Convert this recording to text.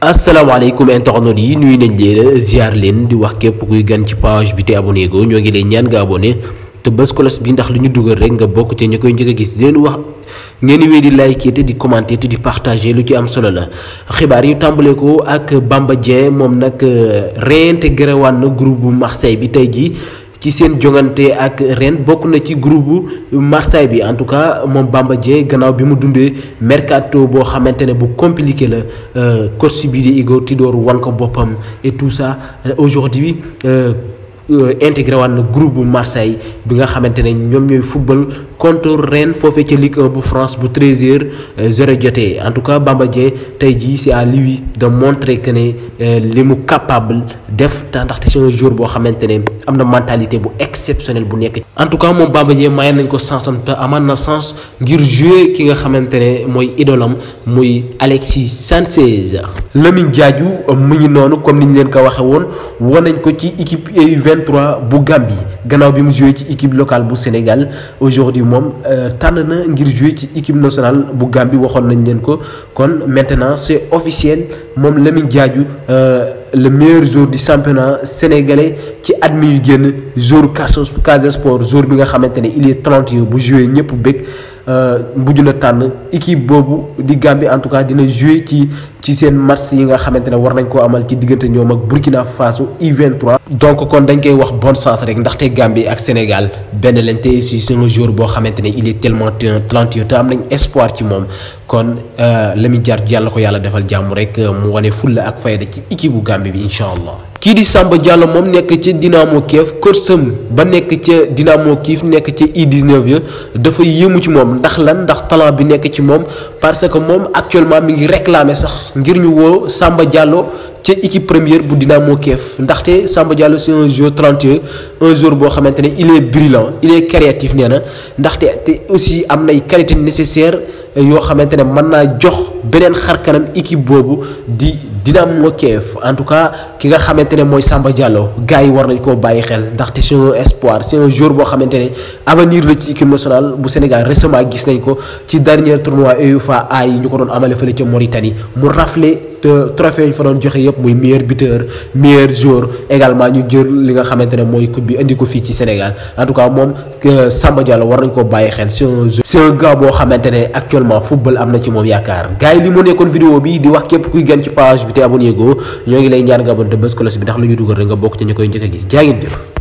asalaamaaleykum internautes yi nuyu nañ leen ziar leen di wax képp kuy gan ci page bi te abonné go ñoo ngi leen ñaan nga abonné te bés kolos bi ndax lu ñu dugal rek nga bokk ci ñi koy njëkk a gis leen wax ngeen wéy di liker te di commenter te di partager lu ci am solo la xibaar yi tàmbale ko ak Bamba Dieng moom nag réintégré waan na groupe bu Marseille bi tey jii. Qui s'est jongante ak ren beaucoup na ci groupe Marseille bi en tout cas mom Bamba Dieng gannaaw bi mu dundé mercato bo xamante bu compliqué la euh, coach bi di Igor Tidor wan ko et tout ça euh, aujourd'hui euh, euh, intégré waat na groupe Marseille bi nga xamantene ñom ñoy football contre Rennes fofé ci Ligue 1 bu France bu 13h00 euh, jotee en tout cas Bamba Dieng tey jii c'est à lui de montrer que né euh, limu capable def ta ndax ci un jour bo xamantene amna mentalité bu exceptionnelle bu nekk. en tout cas mom Bamba Dieng maye nañ ko sens am te na sens ngir jouer ki nga xamantene moy mooy idolam muy Alexis Sanchez. Lamine Diadio mu ngi noonu comme niñ leen ko waxé won woon nañ ko ci équipe 20 3 23 bu Gambie équipe locale bu Sénégal aujourd'hui moom euh, tan na ngir jouer ci équipe nationale bu Gambie waxon nañ ko kon maintenant c'est officiel mom Lamine euh, le meilleur joueur du championnat sénégalais qui a admis une génn joueur casse Sport joueur bi nga il est ans bu pour ñëpp bëgg. Euh, mbuju la tànn équipe bobu di Gambie en tout cas dina jouer ci ci sen match yi nga xamantene war nañ ko amal ci diggante ñoom ak Burkina Faso i 23 donc kon dañ koy wax bonne chance rek ndax té Gambie ak Sénégal ben lañ té ci seen jour bo xamantene il est tellement talentueux am nañ espoir ci mom kon euh, Lamine Diar yalla ko yalla defal jamm rek mu woné fulla ak fayda ci équipe bu Gambie bi inshallah kii di Samba Diallo moom nekk ca Dinamo Kiev korsam ba nekk ca Dinamo Kiev nekk ca U19 ya dafa yëmu ci moom ndax lan ndax talent bi nekk ci moom parce que moom actuellement mu ngi réclamer sax ngir ñu woo Samba Diallo ca équipe première bu Dinamo Kiev ndaxte Samba Diallo c'est un joueur talentueux un joueur boo xamante ne il est brillant il est nee na ndaxte te aussi am nay qualité nécessaire yo xamantene man na jox benen xar kanam équipe bobu di Dynamo kef en tout cas ki nga xamantene moy Samba Diallo gaay war nañ ko bàyyi xel ndax c' son espoir c'est un joueur bo xamantene avenir la ci équipe nationale bu Sénégal récemment gis nañ ko ci dernier tournoi UEFA A yi ñuko don doon amale fële ca Mauritanie mu raflé trophée ñu fa don joxe yépp muy meilleur buteur meilleur joueur également ñu jël li nga xamantene moy coupe bi andi ko fi ci Sénégal en tout cas mom euh, Samba Diallo war nañ ko bàyyi xel c'est un c' un gars bo xamantene ne actuellement actuellement football am na ci moom yaakaar gars yi li mu nekkoon vidéo bi di wax képp kuy gan ci page bi te abonné goo ñoo ngi lay ñaan nga abonné te bés cloche bi ndax lu ñu dugal rek bokk ci ñu koy njëkk gis jaa ngeen